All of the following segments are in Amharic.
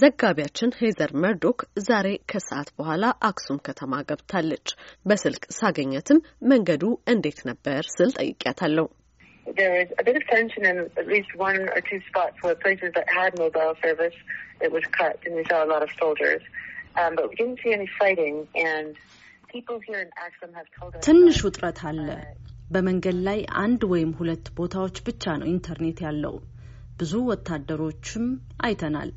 ዘጋቢያችን ሄዘር መርዶክ ዛሬ ከሰዓት በኋላ አክሱም ከተማ ገብታለች። በስልክ ሳገኘትም መንገዱ እንዴት ነበር ስል ጠይቅያታለው um, ትንሽ ውጥረት አለ። uh, በመንገድ ላይ አንድ ወይም ሁለት ቦታዎች ብቻ ነው ኢንተርኔት ያለው። ብዙ ወታደሮችም አይተናል።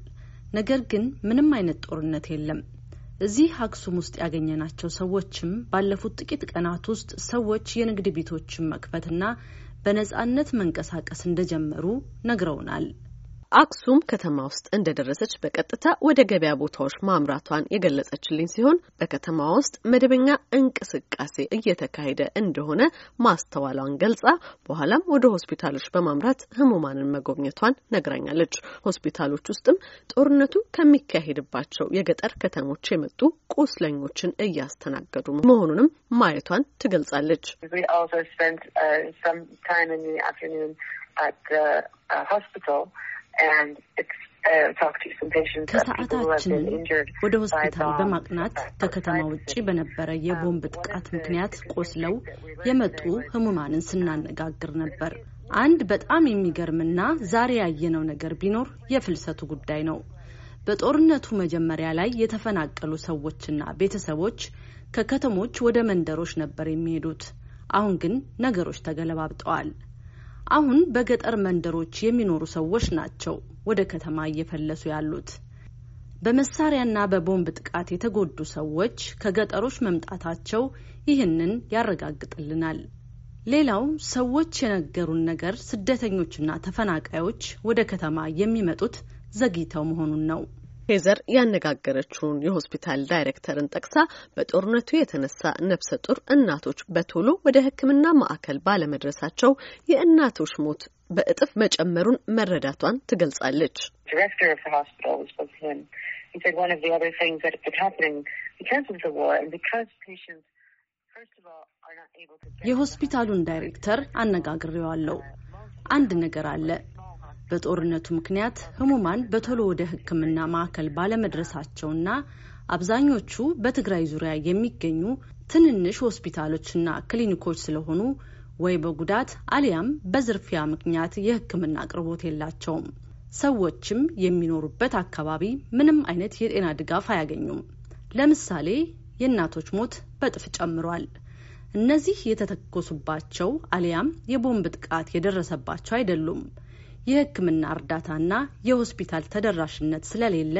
ነገር ግን ምንም አይነት ጦርነት የለም። እዚህ አክሱም ውስጥ ያገኘናቸው ሰዎችም ባለፉት ጥቂት ቀናት ውስጥ ሰዎች የንግድ ቤቶችን መክፈትና በነጻነት መንቀሳቀስ እንደጀመሩ ነግረውናል። አክሱም ከተማ ውስጥ እንደደረሰች በቀጥታ ወደ ገበያ ቦታዎች ማምራቷን የገለጸችልኝ ሲሆን በከተማ ውስጥ መደበኛ እንቅስቃሴ እየተካሄደ እንደሆነ ማስተዋሏን ገልጻ በኋላም ወደ ሆስፒታሎች በማምራት ህሙማንን መጎብኘቷን ነግራኛለች። ሆስፒታሎች ውስጥም ጦርነቱ ከሚካሄድባቸው የገጠር ከተሞች የመጡ ቁስለኞችን እያስተናገዱ መሆኑንም ማየቷን ትገልጻለች። ከሰዓታችንን uh, ወደ ሆስፒታል በማቅናት ከከተማ ውጭ በነበረ um, የቦምብ ጥቃት ምክንያት ቆስለው የመጡ ህሙማንን um, ስናነጋግር ነበር። አንድ በጣም የሚገርምና ዛሬ ያየነው ነገር ቢኖር የፍልሰቱ ጉዳይ ነው። በጦርነቱ መጀመሪያ ላይ የተፈናቀሉ ሰዎችና ቤተሰቦች ከከተሞች ወደ መንደሮች ነበር የሚሄዱት። አሁን ግን ነገሮች ተገለባብጠዋል። አሁን በገጠር መንደሮች የሚኖሩ ሰዎች ናቸው ወደ ከተማ እየፈለሱ ያሉት። በመሳሪያና በቦምብ ጥቃት የተጎዱ ሰዎች ከገጠሮች መምጣታቸው ይህንን ያረጋግጥልናል። ሌላው ሰዎች የነገሩን ነገር ስደተኞችና ተፈናቃዮች ወደ ከተማ የሚመጡት ዘግይተው መሆኑን ነው። ሄዘር ያነጋገረችውን የሆስፒታል ዳይሬክተርን ጠቅሳ በጦርነቱ የተነሳ ነፍሰ ጡር እናቶች በቶሎ ወደ ሕክምና ማዕከል ባለመድረሳቸው የእናቶች ሞት በእጥፍ መጨመሩን መረዳቷን ትገልጻለች። የሆስፒታሉን ዳይሬክተር አነጋግሬዋለሁ። አንድ ነገር አለ በጦርነቱ ምክንያት ህሙማን በቶሎ ወደ ሕክምና ማዕከል ባለመድረሳቸውና አብዛኞቹ በትግራይ ዙሪያ የሚገኙ ትንንሽ ሆስፒታሎችና ክሊኒኮች ስለሆኑ ወይ በጉዳት አሊያም በዝርፊያ ምክንያት የሕክምና አቅርቦት የላቸውም። ሰዎችም የሚኖሩበት አካባቢ ምንም አይነት የጤና ድጋፍ አያገኙም። ለምሳሌ የእናቶች ሞት በጥፍ ጨምሯል። እነዚህ የተተኮሱባቸው አሊያም የቦምብ ጥቃት የደረሰባቸው አይደሉም። የሕክምና እርዳታና የሆስፒታል ተደራሽነት ስለሌለ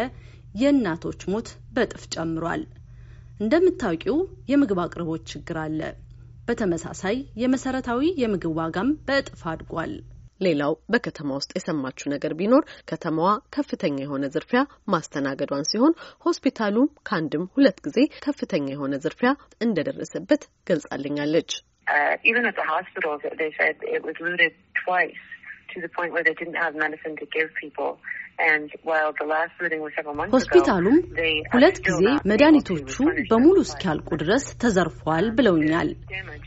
የእናቶች ሞት በእጥፍ ጨምሯል። እንደምታውቂው የምግብ አቅርቦት ችግር አለ። በተመሳሳይ የመሰረታዊ የምግብ ዋጋም በእጥፍ አድጓል። ሌላው በከተማ ውስጥ የሰማችው ነገር ቢኖር ከተማዋ ከፍተኛ የሆነ ዝርፊያ ማስተናገዷን ሲሆን ሆስፒታሉም ከአንድም ሁለት ጊዜ ከፍተኛ የሆነ ዝርፊያ እንደደረሰበት ገልጻልኛለች። ሆስፒታሉም ሁለት ጊዜ መድኃኒቶቹ በሙሉ እስኪያልቁ ድረስ ተዘርፏል uh, ብለውኛል።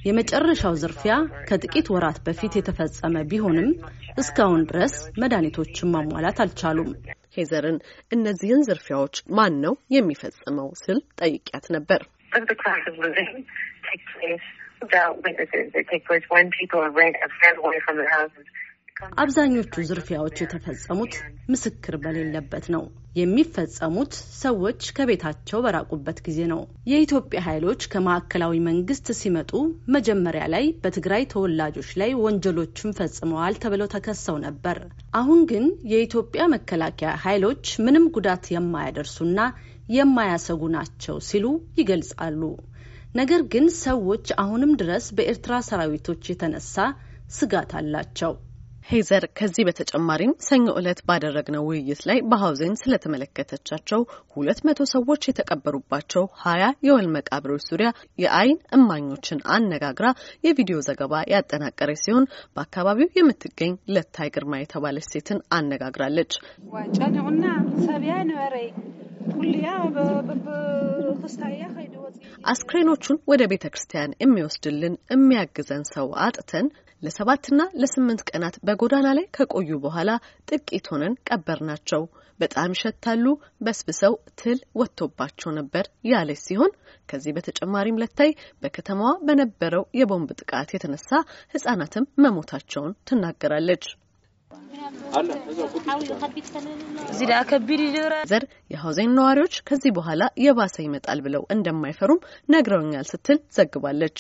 የመጨረሻው ዝርፊያ ከጥቂት ወራት በፊት የተፈጸመ ቢሆንም እስካሁን ድረስ መድኃኒቶችን ማሟላት አልቻሉም። ሄዘርን እነዚህን ዝርፊያዎች ማን ነው የሚፈጽመው ስል ጠይቂያት ነበር። አብዛኞቹ ዝርፊያዎች የተፈጸሙት ምስክር በሌለበት ነው። የሚፈጸሙት ሰዎች ከቤታቸው በራቁበት ጊዜ ነው። የኢትዮጵያ ኃይሎች ከማዕከላዊ መንግስት ሲመጡ መጀመሪያ ላይ በትግራይ ተወላጆች ላይ ወንጀሎችን ፈጽመዋል ተብለው ተከሰው ነበር። አሁን ግን የኢትዮጵያ መከላከያ ኃይሎች ምንም ጉዳት የማያደርሱና የማያሰጉ ናቸው ሲሉ ይገልጻሉ። ነገር ግን ሰዎች አሁንም ድረስ በኤርትራ ሰራዊቶች የተነሳ ስጋት አላቸው። ሄዘር ከዚህ በተጨማሪም ሰኞ ዕለት ባደረግነው ውይይት ላይ በሀውዜን ስለተመለከተቻቸው ሁለት መቶ ሰዎች የተቀበሩባቸው ሀያ የወል መቃብሮች ዙሪያ የአይን እማኞችን አነጋግራ የቪዲዮ ዘገባ ያጠናቀረች ሲሆን በአካባቢው የምትገኝ ለታይ ግርማ የተባለች ሴትን አነጋግራለች። አስክሬኖቹን ወደ ቤተ ክርስቲያን የሚወስድልን የሚያግዘን ሰው አጥተን ለሰባትና ለስምንት ቀናት በጎዳና ላይ ከቆዩ በኋላ ጥቂት ሆነን ቀበር ናቸው። በጣም ይሸታሉ፣ በስብሰው ትል ወጥቶባቸው ነበር ያለች ሲሆን ከዚህ በተጨማሪም ለታይ በከተማዋ በነበረው የቦምብ ጥቃት የተነሳ ህጻናትም መሞታቸውን ትናገራለች። ዘር የሀውዜን ነዋሪዎች ከዚህ በኋላ የባሰ ይመጣል ብለው እንደማይፈሩም ነግረውኛል ስትል ዘግባለች።